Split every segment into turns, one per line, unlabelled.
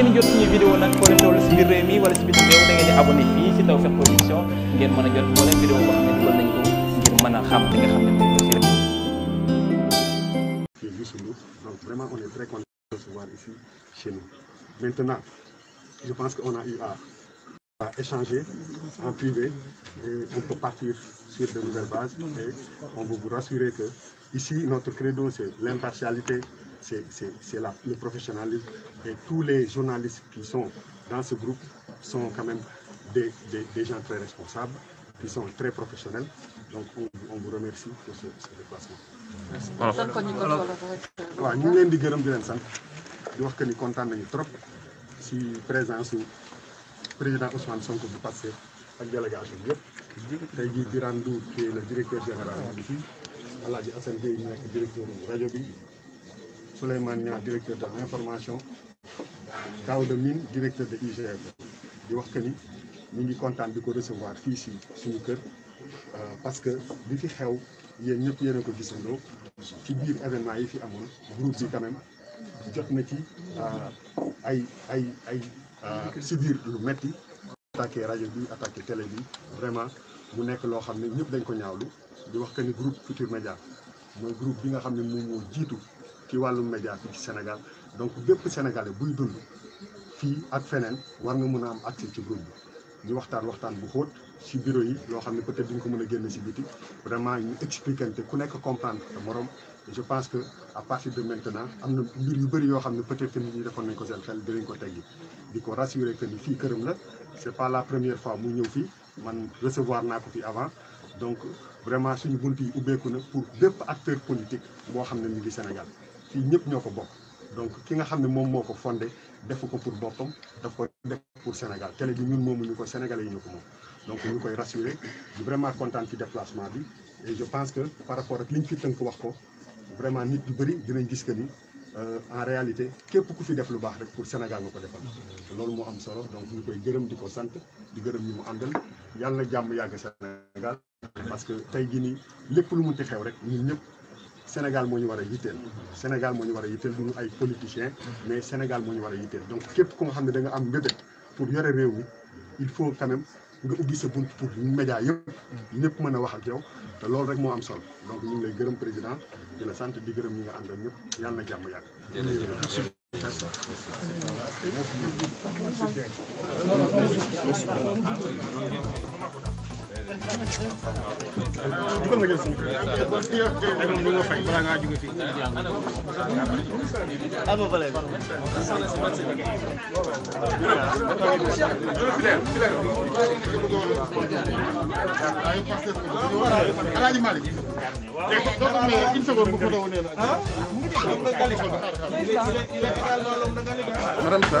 ngeen jot suñu vidéo nag foo donc vraiment on est très content de recevoir ici chez nous maintenant je pense qu'on a eu à. échanger en privé et on peut partir sur de nouvelles bases et on vous rassurer que ici notre credo c'est l'impartialité c'est le professionnalisme. Et tous les journalistes qui sont dans ce groupe sont quand même des, des, des gens très responsables, qui sont très professionnels. Donc on, on vous remercie pour ce, ce déplacement. merci. ñu ngi leen di gërëm di leen sant di wax que ni kontaan nañu trop si présence su président Ousmane Sonko bu Pastef ak délégation bi yëpp tey jii Birane Ndour qui est le directeur général bi Alaaji Assane Gueye nekk directeur rajo bi. Souleymane Niang directeur de l'information Kao de Mine directeur de IGF di wax que ni ñu ngi kontaan bi ko recevoir fii si suñu kër euh, parce que bi fi xew yéen ñëpp yéen a ko gisandoo ci biir événement yi fi amoon groupe bi quand jot na ci euh, ay ay ay euh, si biir lu metti attaqué rajo bi attaqué télé bi vraiment mu nekk loo xam ne ñëpp dañ ko ñaawlu di wax que ni groupe Futur Média mooy groupe bi nga xam ne moom moo jiitu ci wàllum média fii ci Sénégal donc bépp sénégalais buy dund fii ak feneen war nga mën a am accès ci groupe bi ñu waxtaan waxtaan bu xóot ci bureau yi loo xam ne peut-être duñ ko mën a génne si biti vraiment ñu expliquer te ku nekk comprendre te morom je pense que à partir de maintenant am na mbir yu bëri yoo xam ne peut-être nit ñi nañ ko seen xel dinañ ko teggi di ko rassurer que ni fii këram la c'est pas la première fois mu ñëw fii man recevoir naa ko fii avant donc vraiment suñu bunt yi ubbeeku na pour bépp acteur politique boo xam ne mi ngi Sénégal fii ñëpp ñoo ko bokk donc ki nga xam ne moom moo ko fondé defu ko pour boppam daf ko def pour Sénégal télé bi ñun moomuñu ko Sénégalais yi ñu ko moom donc ñu koy rassuré di vraiment kontaan ci déplacement bi je pense que par rapport ak li ñu fi tënk wax ko vraiment nit yu bëri dinañ gis que ni euh, en réalité képp ku fi def lu baax rek pour Sénégal nga ko defal loolu moo am solo donc ñu koy gërëm di ko sant di gërëm ñu mu àndal yàlla jàmm yàgg Sénégal parce que tey jii nii lépp lu munti xew rek ñun ñëpp Sénégal moo ñu war a yitteel Sénégal moo ñu war a yitteel duñu ay politiciens mais Sénégal moo ñu war a yitteel donc képp ku nga xam ne da am mbébét pour yore réew mi il faut quand même nga ubbi sa bunt pour média yëpp ñëpp mën a wax ak yow te loolu rek moo am solo donc ñu lay gërëm président di la sant di gërëm ñi nga àndal ñëpp yàlla na jàmm yàgg Merci. dugal nga jël fii ak moom du nga fay balaa ngaa jóge fii ama bale Alaaji Malick une seconde bu photo nee la madame ça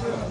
Gracias.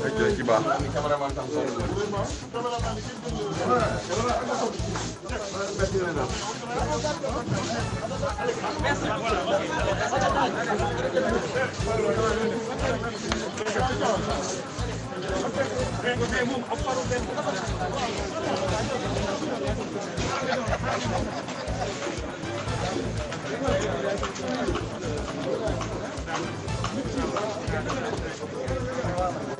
ak ci baax. Thank you.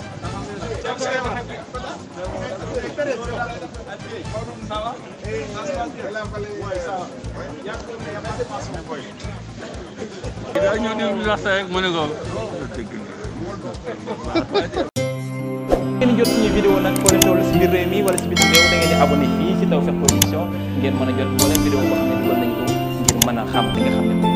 yaa ngi ñëw di ñu laxte rek mu ne ko. ngeen jot suñu vidéo nag foo leen toll si biir réew mi wala si bitim réew da ngeen di abonné fii si Tawfekh Production ngeen mën a jot moo leen vidéo boo xam ne dugal nañ ko ngir mën a xam li nga xam ne